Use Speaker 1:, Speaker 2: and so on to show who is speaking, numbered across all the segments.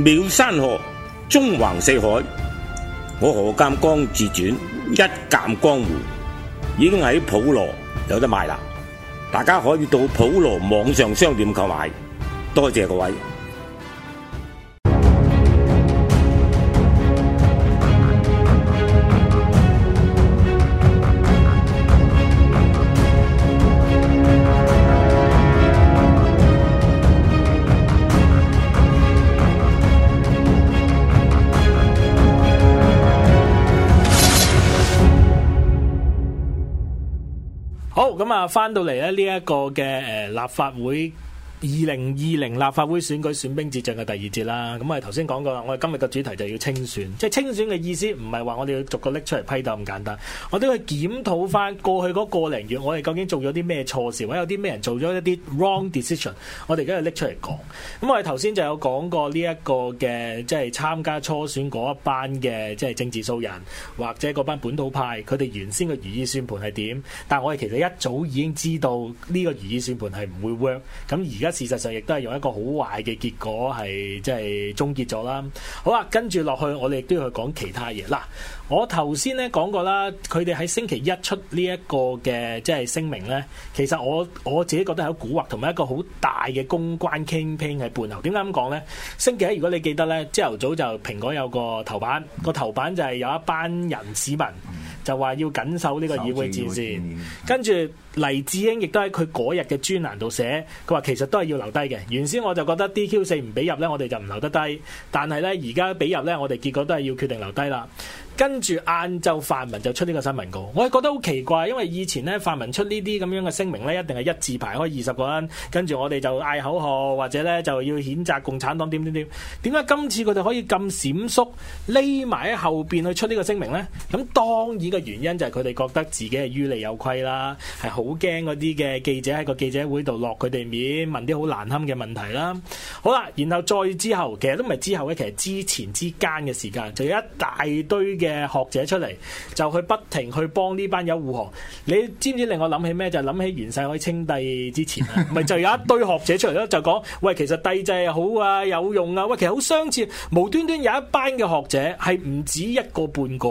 Speaker 1: 妙山河，縱橫四海。我何劍光自傳一劍江湖，已經喺普羅有得賣啦。大家可以到普羅網上商店購買，多謝各位。咁啊，翻到嚟咧，呢一個嘅誒立法會二零二零立法會選舉選兵摺將嘅第二節啦，咁我哋頭先講過啦，我哋今日嘅主題就要清算，即係清算嘅意思唔係話我哋要逐個拎出嚟批鬥咁簡單，我哋去檢討翻過去嗰個零月，我哋究竟做咗啲咩錯事，或者有啲咩人做咗一啲 wrong decision，我哋而家要拎出嚟講。咁我哋頭先就有講過呢一個嘅，即係參加初選嗰一班嘅，即係政治素人或者嗰班本土派，佢哋原先嘅如意算盤係點？但係我哋其實一早已經知道呢個如意算盤係唔會 work。咁而家。事實上亦都係用一個好壞嘅結果係即係終結咗啦。好啦、啊，跟住落去我哋亦都要去講其他嘢嗱。我頭先咧講過啦，佢哋喺星期一出呢一個嘅即係聲明咧，其實我我自己覺得係一個蠱惑，同埋一個好大嘅公關 campaign 喺背後。點解咁講咧？星期一如果你記得咧，朝頭早就蘋果有個頭版，個頭版就係有一班人市民。就話要緊守呢個議會戰線，守住，跟住黎智英亦都喺佢嗰日嘅專欄度寫，佢話其實都係要留低嘅。原先我就覺得 DQ 四唔俾入呢，我哋就唔留得低，但係呢，而家俾入呢，我哋結果都係要決定留低啦。跟住晏晝泛民就出呢個新聞稿，我係覺得好奇怪，因為以前咧泛民出呢啲咁樣嘅聲明咧，一定係一字排開二十個人，跟住我哋就嗌口號或者咧就要譴責共產黨點點點。點解今次佢哋可以咁閃縮匿埋喺後邊去出呢個聲明咧？咁當然嘅原因就係佢哋覺得自己係於理有虧啦，係好驚嗰啲嘅記者喺個記者會度落佢哋面問啲好難堪嘅問題啦。好啦，然後再之後其實都唔係之後咧，其實之前之間嘅時間就有一大堆嘅嘅學者出嚟就去不停去幫呢班友護航，你知唔知令我諗起咩？就諗起袁世凱稱帝之前啊，咪就有一堆學者出嚟咯，就講：「喂，其實帝制好啊，有用啊，喂，其實好相似。無端端有一班嘅學者係唔止一個半個，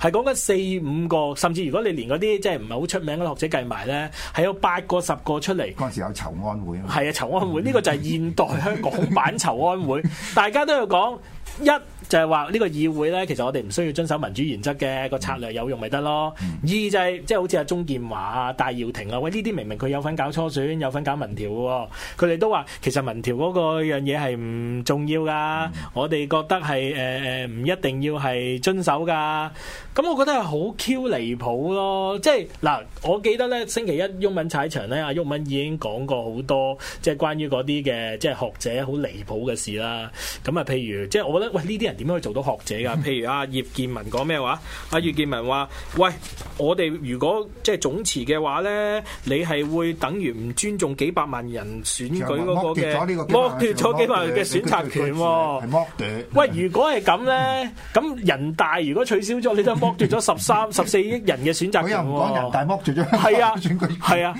Speaker 1: 係講緊四五個，甚至如果你連嗰啲即係唔係好出名嘅學者計埋咧，係有八個十個出嚟。嗰陣時有籌安會啊，係啊，籌安會，呢個就係現代香港版籌安會，大家都有講。一。就係話呢個議會咧，其實我哋唔需要遵守民主原則嘅，個策略有用咪得咯？嗯、二就制、是、即係好似阿鍾劍華啊、戴耀廷啊，喂呢啲明明佢有份搞初選，有份搞民調喎、啊，佢哋都話其實民調嗰個樣嘢係唔重要噶，嗯、我哋覺得係誒誒唔一定要係遵守噶。咁、嗯、我覺得係好 Q 離譜咯，即係嗱，我記得咧星期一毓民踩場咧，阿、啊、毓民已經講過好多即係關於嗰啲嘅即係學者好離譜嘅事啦。咁啊，譬如即係我覺得喂呢啲人。點樣去做到學者噶？譬如阿葉建文講咩話？阿葉建文話，喂，我哋如果即係總辭嘅話咧，你係會等於唔尊重幾百萬人選舉嗰個嘅，剝奪咗幾百萬人嘅選擇權喎。係剝奪。喂，如果係咁咧，咁人大如果取消咗，你就剝奪咗十三、十四億人嘅選擇權喎。佢又唔講人大剝奪咗，係啊，選舉係啊。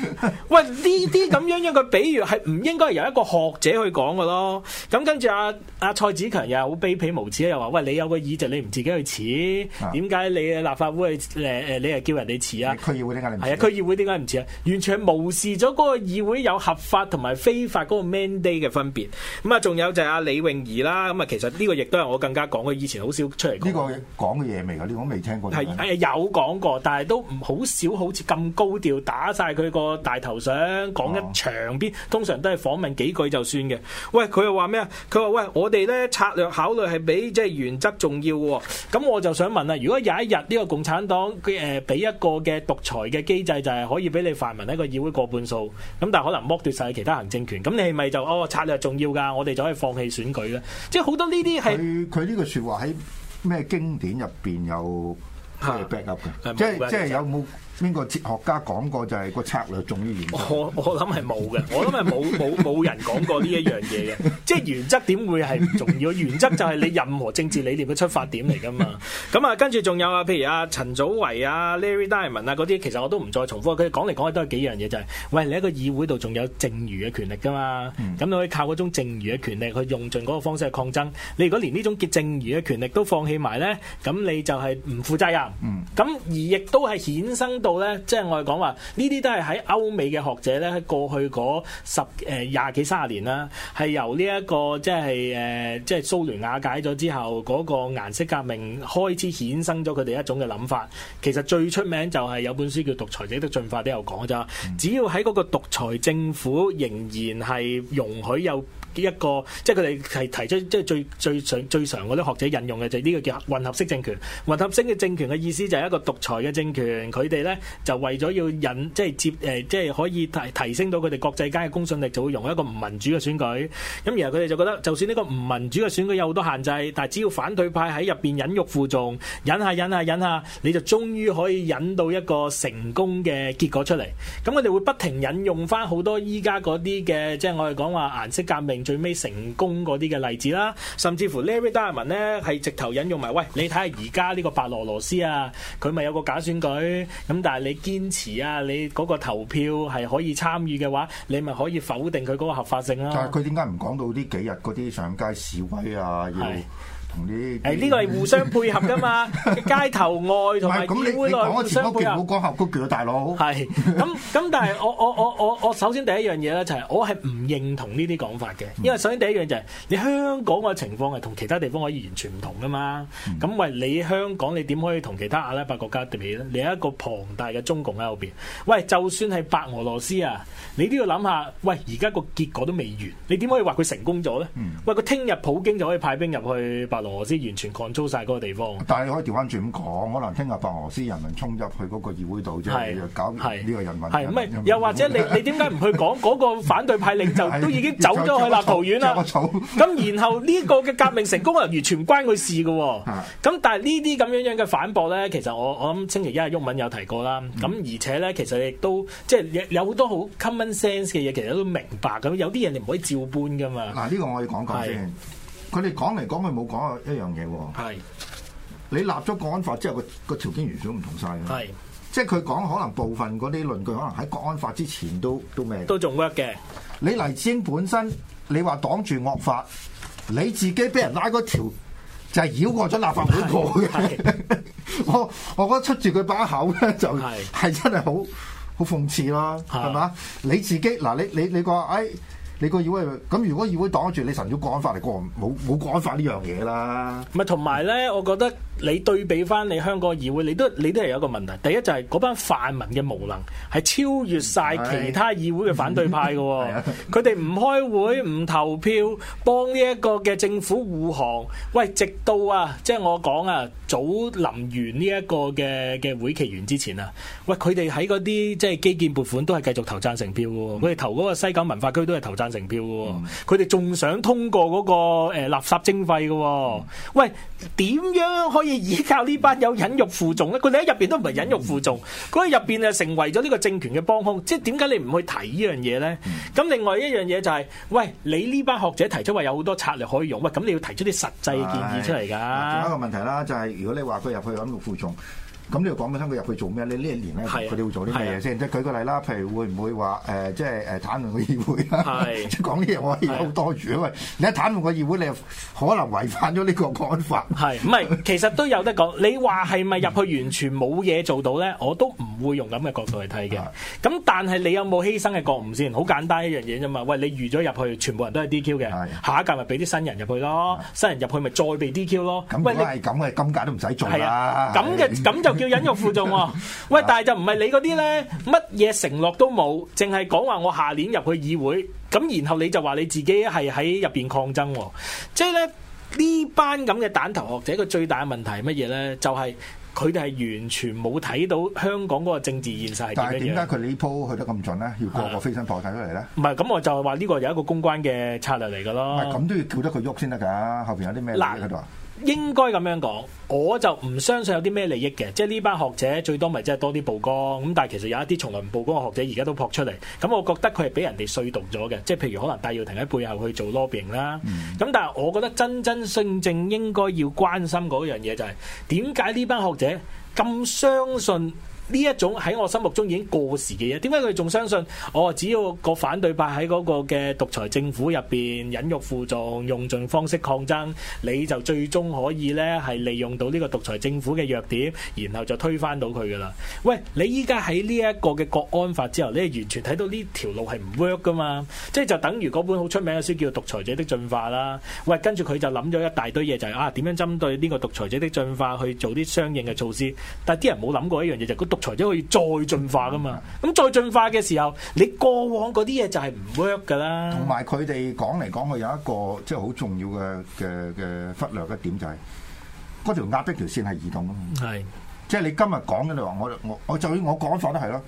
Speaker 1: 喂，呢啲咁樣樣嘅比喻係唔應該由一個學者去講嘅咯。咁跟住阿阿蔡子強又好卑鄙無恥。又話喂，你有個議席，你唔自己去辭，點解、啊、你立法會誒誒、呃，你係叫人哋辭啊？區議會點解唔辭啊？區議會點解唔辭啊？完全無視咗嗰個議會有合法同埋非法嗰個 mandate 嘅分別。咁啊，仲有就係阿李泳儀啦。咁啊，其實呢個亦都係我更加講嘅，以前好少出嚟。呢
Speaker 2: 個講嘅嘢未㗎，呢、呢個我未聽過。
Speaker 1: 係係有講過，但係都唔好少，好似咁高調打晒佢個大頭相，講一長篇，通常都係訪問幾句就算嘅。喂，佢又話咩啊？佢話喂，我哋咧策略考慮係俾。即係原則重要喎，咁我就想問啦。如果有一日呢個共產黨佢誒俾一個嘅獨裁嘅機制，就係可以俾你泛民一個議會過半數，咁但係可能剝奪晒其他行政權，咁你係咪就哦策略重要噶？我哋就可以放棄選舉咧。即係好多呢啲係佢呢個説話喺
Speaker 2: 咩經典入邊有 back up 嘅？即
Speaker 1: 係即係有
Speaker 2: 冇？邊個哲學家講過就係、是、個策略重於原則？我我諗係
Speaker 1: 冇嘅，我諗係冇冇冇人講過呢一樣嘢嘅，即係原則點會係唔重要？原則就係你任何政治理念嘅出發點嚟噶嘛。咁啊，跟住仲有啊，譬如啊，陳祖維啊、Larry Diamond 啊嗰啲，其實我都唔再重複。佢哋講嚟講去都係幾樣嘢就係、是，喂，你喺個議會度仲有剩餘嘅權力噶嘛？咁、嗯、你可以靠嗰種剩餘嘅權力去用盡嗰個方式去抗爭。你如果連呢種結剩餘嘅權力都放棄埋咧，咁你就係唔負責任。咁而亦都係衍生。到咧、這個，即係我哋講話，呢啲都係喺歐美嘅學者咧，過去嗰十誒廿幾三十年啦，係由呢一個即係誒，即係蘇聯瓦解咗之後，嗰、那個顏色革命開始衍生咗佢哋一種嘅諗法。其實最出名就係有本書叫《獨裁者的進化》，都有講㗎啫。只要喺嗰個獨裁政府仍然係容許有一個即係佢哋係提出即係最最常最常嗰啲學者引用嘅就係呢個叫混合式政權。混合式嘅政權嘅意思就係一個獨裁嘅政權。佢哋咧就為咗要引即係接誒、呃、即係可以提提升到佢哋國際間嘅公信力，就會用一個唔民主嘅選舉。咁然後佢哋就覺得，就算呢個唔民主嘅選舉有好多限制，但係只要反對派喺入邊忍辱負重，忍下忍下忍下忍下，你就終於可以引到一個成功嘅結果出嚟。咁佢哋會不停引用翻好多依家嗰啲嘅，即係我哋講話顏色革命。最尾成功嗰啲嘅例子啦，甚至乎呢位 Larry Diamond 咧係直頭引用埋，喂，你睇下而家呢個白俄羅斯啊，佢咪有個假選舉咁，但係你堅持啊，你嗰個投票係可以參與嘅話，你咪可以否定佢嗰個合法性咯，啊。但係佢點
Speaker 2: 解唔講到呢幾日嗰啲上街示威啊？要？誒呢個係互相配合㗎嘛，
Speaker 1: 街頭外同埋議會內嘅互相配合。唔好講合併啊，大佬。係咁咁，但係我我我我我首先第一樣嘢咧，就係我係唔認同呢啲講法嘅。因為首先第一樣就係你香港嘅情況係同其他地方可以完全唔同㗎嘛。咁喂，你香港你點可以同其他阿拉伯國家對比咧？你係一個龐大嘅中共喺後邊。喂，就算係白俄羅斯啊，你都要諗下。喂，而家個結果都未完，你點可以話佢成功咗咧？喂，佢聽日普京就可以派兵入去白。俄羅斯完全 control 曬嗰個地方，
Speaker 2: 但係你可以調翻轉咁講，可能聽日白俄斯人民衝入去嗰個議會度即係，是 搞呢個人民。係唔係？人民
Speaker 1: 人民人民又或者你 你點解唔去講嗰個反對派？力就都已經走咗去立陶宛啦。咁然後呢個嘅革命成功又完全唔關佢事嘅。咁 但係呢啲咁樣樣嘅反駁咧，其實我我諗星期一阿毓民有提過啦。咁、嗯、而且咧，其實亦都即係有好多好 common sense 嘅嘢，其實都明白咁。有啲人你唔可以照搬噶嘛。
Speaker 2: 嗱、這、呢個我要講講先。佢哋講嚟講去冇講一樣嘢喎、哦。是你立咗《國安法》之後，個個條件完全唔同晒啦是。係，即係佢講可能部分嗰啲論據，可能喺《國安法》之前都都咩嘅。
Speaker 1: 都仲 work 嘅。
Speaker 2: 你黎智英本身，你話擋住惡法，你自己俾人拉嗰條就係繞過咗立法會過嘅。是 我我覺得出住佢把口咧，就係是真係好好諷刺啦，係嘛是？你自己嗱，你你你個誒。你個議會咁，如果議會擋住，你神早趕法嚟過，趕冇冇趕翻呢樣嘢啦？
Speaker 1: 咪同埋咧，我覺得你對比翻你香港議會，你都你都係有一個問題。第一就係嗰班泛民嘅無能係超越晒其他議會嘅反對派嘅，哦，佢哋唔開會唔投票，幫呢一個嘅政府護航。喂，直到啊，即係我講啊，早林完呢一個嘅嘅會期完之前啊，喂，佢哋喺嗰啲即係基建撥款都係繼續投贊成票嘅，佢哋投嗰個西九文化區都係投贊成票，佢哋仲想通過嗰個誒垃圾徵費嘅。哦，喂，點樣可以依靠班忍呢班有忍辱負重咧？佢哋喺入邊都唔係忍辱負重，佢喺入邊啊成為咗呢個政權嘅幫兇。即係點解你唔去提呢樣嘢咧？咁另外一樣嘢就係，是，喂，你呢班學者提出話有好多策略可以用，喂，咁你要提出啲實際嘅建議出嚟噶。
Speaker 2: 仲有一個問題啦，就是，就係如果你話佢入去忍辱負重，咁你又講佢身佢入去做咩你呢一年咧，佢哋會做啲咩嘢先？即係舉個例啦，譬如會唔會話誒，呃呃，即係誒，談論個議會啦。 即係 講嘢，我可以有多餘啊！喂，你一踏入個議會，你可能違反咗呢個國安法。
Speaker 1: 係唔係？其實都有得講。你話係咪入去完全冇嘢做到咧？我都唔會用咁嘅角度去睇嘅。咁但係你有冇犧牲嘅覺悟先？好簡單一樣嘢啫嘛。喂，你預咗入去，全部人都係 DQ 嘅，啊、下一屆咪俾啲新人入去咯。新人入去咪再被 DQ 咯。咁你係咁嘅，今屆都唔使做啊，咁嘅咁就叫忍辱負重喎。喂， 但係就唔係你嗰啲咧，乜嘢承諾都冇，淨係講話我下年入去議會。咁然後你就話你自己係喺入邊抗爭。哦，即係咧呢這班咁嘅蛋頭學者個最大問題乜嘢咧？就係佢哋係完全冇睇到香港嗰個政治現實係點樣嘅。但係點
Speaker 2: 解佢呢鋪去得咁準咧？要過個飛身破睇出嚟咧？
Speaker 1: 唔係、啊，咁我就係話呢個有一個公關嘅策略嚟噶咯。唔係，咁
Speaker 2: 都要叫得佢喐先得㗎，後邊有啲咩嘢喺度啊？
Speaker 1: 應該咁樣講，我就唔相信有啲咩利益嘅，即係呢班學者最多咪即係多啲曝光咁，但係其實有一啲從來唔曝光嘅學者而家都撲出嚟，咁我覺得佢係俾人哋說動咗嘅，即係譬如可能戴耀廷喺背後去做 lobbying 啦，咁但係我覺得真真正正應該要關心嗰樣嘢就係點解呢班學者咁相信？呢一種喺我心目中已經過時嘅嘢，點解佢仲相信我、哦？只要個反對派喺嗰個嘅獨裁政府入邊忍辱負重，用盡方式抗爭，你就最終可以咧係利用到呢個獨裁政府嘅弱點，然後就推翻到佢噶啦。喂，你依家喺呢一個嘅國安法之後，你完全睇到呢條路係唔 work 噶嘛？即係就等於嗰本好出名嘅書叫《獨裁者的進化》啦。喂，跟住佢就諗咗一大堆嘢、就是，就係啊點樣針對呢個獨裁者的進化去做啲相應嘅措施。但係啲人冇諗過一樣嘢，就才可以再進化噶嘛？咁再進化嘅時候，你過往嗰啲嘢就係唔 work 噶啦。同埋佢哋講嚟
Speaker 2: 講去有一個即係好重要嘅嘅嘅忽略嘅點就係，嗰條壓逼條線係移動噶嘛。係，即係你今日講嘅你話我我我就算我講法都係咯。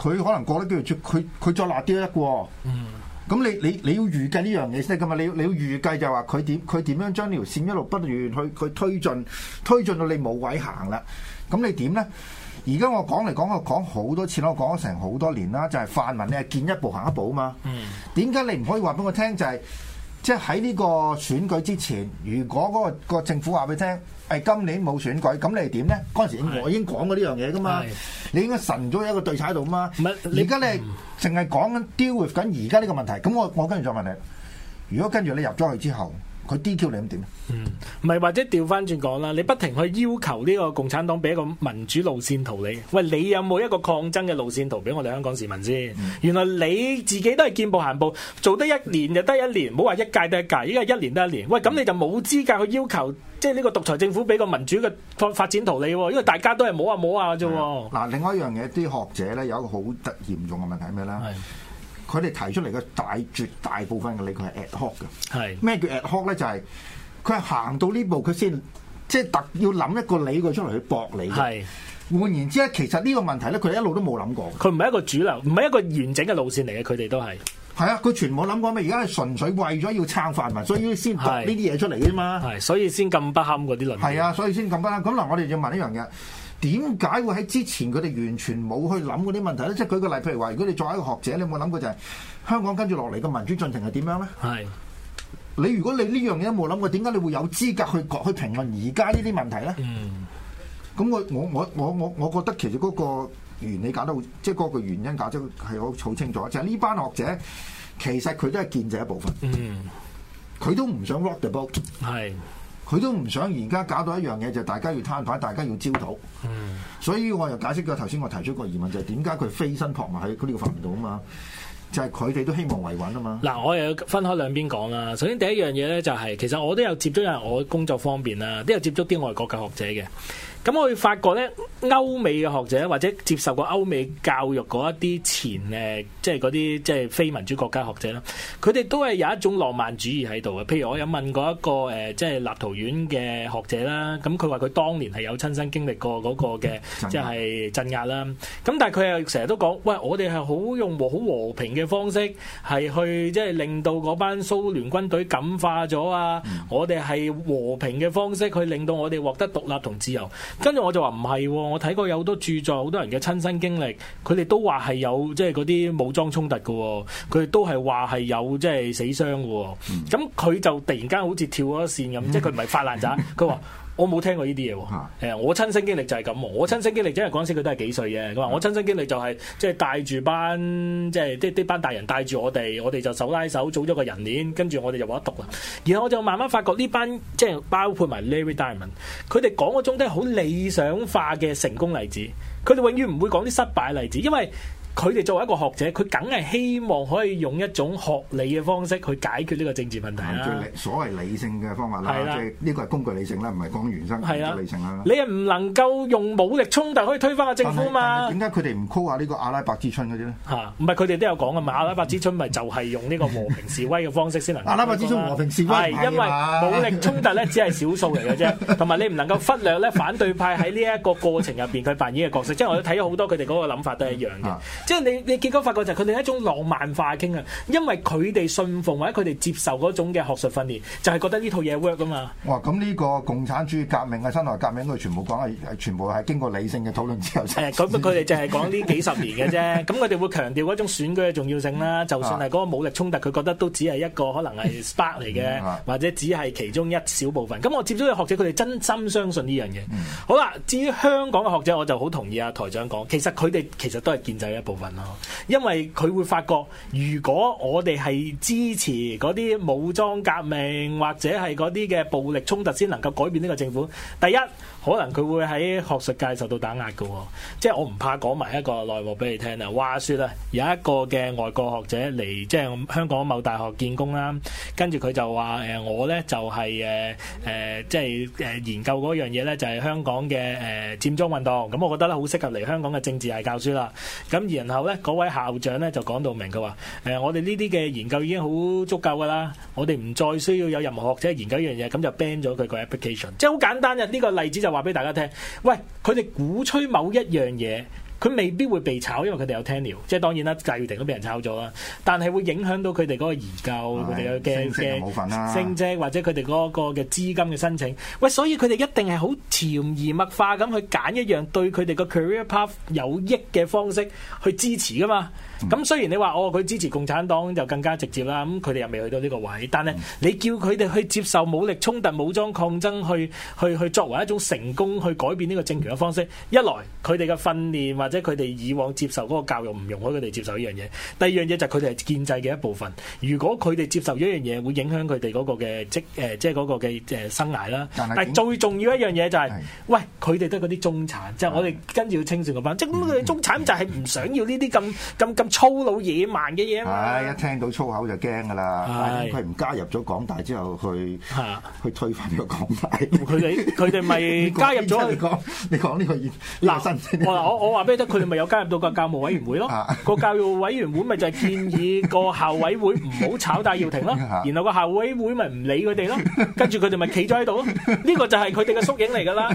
Speaker 2: 佢可能過得幾條佢佢再辣啲得過。嗯。咁你你你要預計呢樣嘢先噶嘛？你要你要預計就係話佢點佢點樣將呢條線一路不斷去去推進推進到你冇位行啦。咁你點咧？而家我講嚟講去講好多次咯，我講咗成好多年啦，就係、是、泛民你係見一步行一步啊嘛。點解你唔可以話俾我聽、就是？就係即喺呢個選舉之前，如果嗰個政府話俾你聽，係、哎、今年冇選舉，咁你係點咧？嗰陣時我已經講過呢樣嘢噶嘛，是你應該神咗一個對策喺度嘛。唔係，而家你係淨係講緊 deal with 緊而家呢個問題。咁我我跟住再問你，如果跟住你入咗去之後？佢 DQ 你咁點咧？嗯，
Speaker 1: 唔係，或者調翻轉講啦，你不停去要求呢個共產黨俾一個民主路線圖你。喂，你有冇一個抗爭嘅路線圖俾我哋香港市民先？嗯、原來你自己都係見步行步，做得一年就得一年，唔好話一屆得一屆，依家係一年得一年。喂，咁你就冇資格去要求，即係呢個獨裁政府俾個民主嘅發發展圖你。因為大家都係摸下摸下啫。
Speaker 2: 嗱、嗯，另外一樣嘢，啲學者咧有一個好嚴重嘅問題係咩咧？佢哋提出嚟嘅大絕大部分嘅理，佢係 ad hoc 嘅。係咩是叫 ad hoc 咧？就係佢行到呢步，佢先即係特要諗一個理佢出嚟去駁你。係是換言之咧，其實呢個問題咧，佢一路都冇諗過。
Speaker 1: 佢唔係一個主流，唔係一個完整嘅路線嚟嘅。佢哋都係
Speaker 2: 係啊，佢全冇諗過咩？而家係純粹為咗要撐泛民，所以先讀呢啲嘢出嚟啫嘛。係，所以先咁不堪嗰啲論。係啊，所以先咁不堪。咁嗱，我哋要問一樣嘢。點解會喺之前佢哋完全冇去諗嗰啲問題咧？即係舉個例，譬如話，如果你作為一個學者，你有冇諗過就係香港跟住落嚟嘅民主進程係點樣咧？係是 你如果你呢樣嘢都冇諗過，點解你會有資格去去評論而家呢啲問題咧？
Speaker 1: 嗯，
Speaker 2: 咁我我我我我我覺得其實嗰個原理搞得好，即係嗰個原因搞得係好好清楚，就係、是、呢班學者其實佢都係建制一部分，嗯，佢都唔想 rock the boat，係。佢都唔想而家搞到一樣嘢，就係，大家要攤牌，大家要焦土。嗯，所以我又解釋咗頭先，我提出個疑問就係點解佢
Speaker 1: 飛身撲埋喺佢呢個範圍度啊嘛？就係佢哋都希望維穩啊嘛。嗱，我又有分開兩邊講啦。首先第一樣嘢咧就係、是，其實我都有接觸有人，我工作方面啦，都有接觸啲外國嘅學者嘅。咁我會發覺咧，歐美嘅學者或者接受過歐美教育嗰一啲前誒、呃，即係嗰啲即係非民主國家學者咧，佢哋都係有一種浪漫主義喺度嘅。譬如我有問過一個誒、呃，即係立陶宛嘅學者啦，咁佢話佢當年係有親身經歷過嗰個嘅，即係、嗯、鎮壓啦。咁但係佢又成日都講，喂，我哋係好用和好和平嘅方式，係去即係令到嗰班蘇聯軍隊感化咗啊！嗯、我哋係和平嘅方式去令到我哋獲得獨立同自由。跟住我就話唔係喎，我睇過有好多著作，好多人嘅親身經歷，佢哋都話係有即係嗰啲武裝衝突㗎喎，佢哋都係話係有即係、就是、死傷㗎喎。咁佢就突然間好似跳咗線咁， 即係佢唔係發爛渣，佢話。我冇聽過呢啲嘢喎，我親身經歷就係咁，我親身經歷，因為嗰陣時佢都係幾歲嘅，我話我親身經歷就係即係帶住班，即係啲啲班大人帶住我哋，我哋就手拉手組咗個人鏈，跟住我哋就揾讀啦，然後我就慢慢發覺呢班，即係包括埋 Larry Diamond，佢哋講嘅都係好理想化嘅成功例子，佢哋永遠唔會講啲失敗例子，因為。佢哋作為一個學者，佢梗係希望可以用一種學理嘅方式去解決呢個政治問題。
Speaker 2: 所謂理性嘅方法啦，的即係呢個係工具理性啦，唔係講原生叫做的理性啦。
Speaker 1: 你又唔能夠用武力衝突可以推翻個政府嘛？
Speaker 2: 點解佢哋唔 call 下呢個阿拉伯之春嗰啲咧？
Speaker 1: 嚇、啊，唔係佢哋都有講嘅嘛？阿拉伯之春咪就係用呢個和平示威嘅方式先能。 阿拉伯之春和平示威因為武力衝突咧，只係少數嚟嘅啫。同埋你唔能夠忽略咧，反對派喺呢一個過程入邊佢扮演嘅角色。即係我都睇咗好多，佢哋嗰個諗法都係一樣嘅。 即係你，你結果發覺就係佢哋係一種浪漫化傾向嘅，因為佢哋信奉或者佢哋接受嗰種嘅學術訓練，就係、是、覺得呢套嘢 work 噶嘛。
Speaker 2: 哇！咁呢個共產主義革命嘅辛亥革命，佢全部講係全部係經過理性嘅討論之後。咁佢哋就係講呢幾十年嘅啫。
Speaker 1: 咁佢哋會強調嗰種選舉嘅重要性啦。 就算係嗰個武力衝突，佢覺得都只係一個可能係 spark 嚟嘅，或者只係其中一小部分。咁我接觸嘅學者，佢哋真心相信呢樣嘢。 好啦，至於香港嘅學者，我就好同意阿台長講，其實佢哋其實都係建制一部分因為佢會發覺，如果我哋係支持嗰啲武裝革命或者係嗰啲嘅暴力衝突先能夠改變呢個政府，第一可能佢會喺學術界受到打壓嘅喎、哦。即係我唔怕講埋一個內幕俾你聽啦。話說啊，有一個嘅外國學者嚟即係香港某大學見工啦，跟住佢就話誒我呢就係誒誒即係誒研究嗰樣嘢呢，就係、是呃就是呃、香港嘅誒佔中運動。咁我覺得呢，好適合嚟香港嘅政治系教書啦。咁然後咧，嗰位校長咧就講到明，佢話：誒、呃，我哋呢啲嘅研究已經好足夠㗎喇，我哋唔再需要有任何學者研究一樣嘢，咁就 ban 咗佢個 application。即係好簡單嘅呢、呢個例子，就話俾大家聽。喂，佢哋鼓吹某一樣嘢。.佢未必會被炒，因為佢哋有 tenure，即係當然啦。賈躍亭都俾人炒咗啦，但係會影響到佢哋嗰個研究，佢哋嘅嘅升職冇份，啊、升職或者佢哋嗰個嘅資金嘅申請。喂，所以佢哋一定係好潛移默化咁去揀一樣對佢哋個 career path 有益嘅方式去支持㗎嘛。咁雖然你話我佢支持共產黨就更加直接啦，咁佢哋又未去到呢個位，但係你叫佢哋去接受武力衝突、武裝抗爭去，去去去作為一種成功去改變呢個政權嘅方式，一來佢哋嘅訓練或者佢哋以往接受嗰個教育唔容許佢哋接受呢樣嘢，第二樣嘢就係佢哋係建制嘅一部分，如果佢哋接受呢一樣嘢，會影響佢哋嗰個嘅職誒，即係嗰個嘅生涯啦。但係最重要一樣嘢就係，喂，佢哋得嗰啲中產，即係我哋跟住要清算嗰班，即係咁佢哋中產就係唔想要呢啲咁咁咁。粗魯野蠻嘅嘢啊！
Speaker 2: 一聽到粗口就驚噶啦！佢唔是、哎、加入咗港大之後去，去、啊、去推翻呢個港大，佢哋佢哋咪加入咗？你講你講呢、這個熱
Speaker 1: 嗱、這個，我我話俾你得？佢哋咪有加入到個教務委員會咯？ 個教務委員會咪就係建議個校委會唔好炒戴耀廷咯，然後個校委會咪唔理佢哋咯，跟住佢哋咪企咗喺度咯，呢、這個就係佢哋嘅縮影嚟噶啦。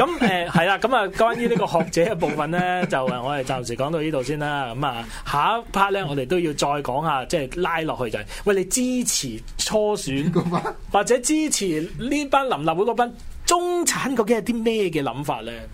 Speaker 1: 咁誒係啦，咁啊、 嗯嗯嗯、關於呢個學者嘅部分咧，就我哋暫時講到呢度先啦。咁啊下一 part 咧，我哋都要再講下，即係拉落去就係，喂你支持初選，或者支持呢班林立會嗰班中產，究竟係啲咩嘅諗法咧？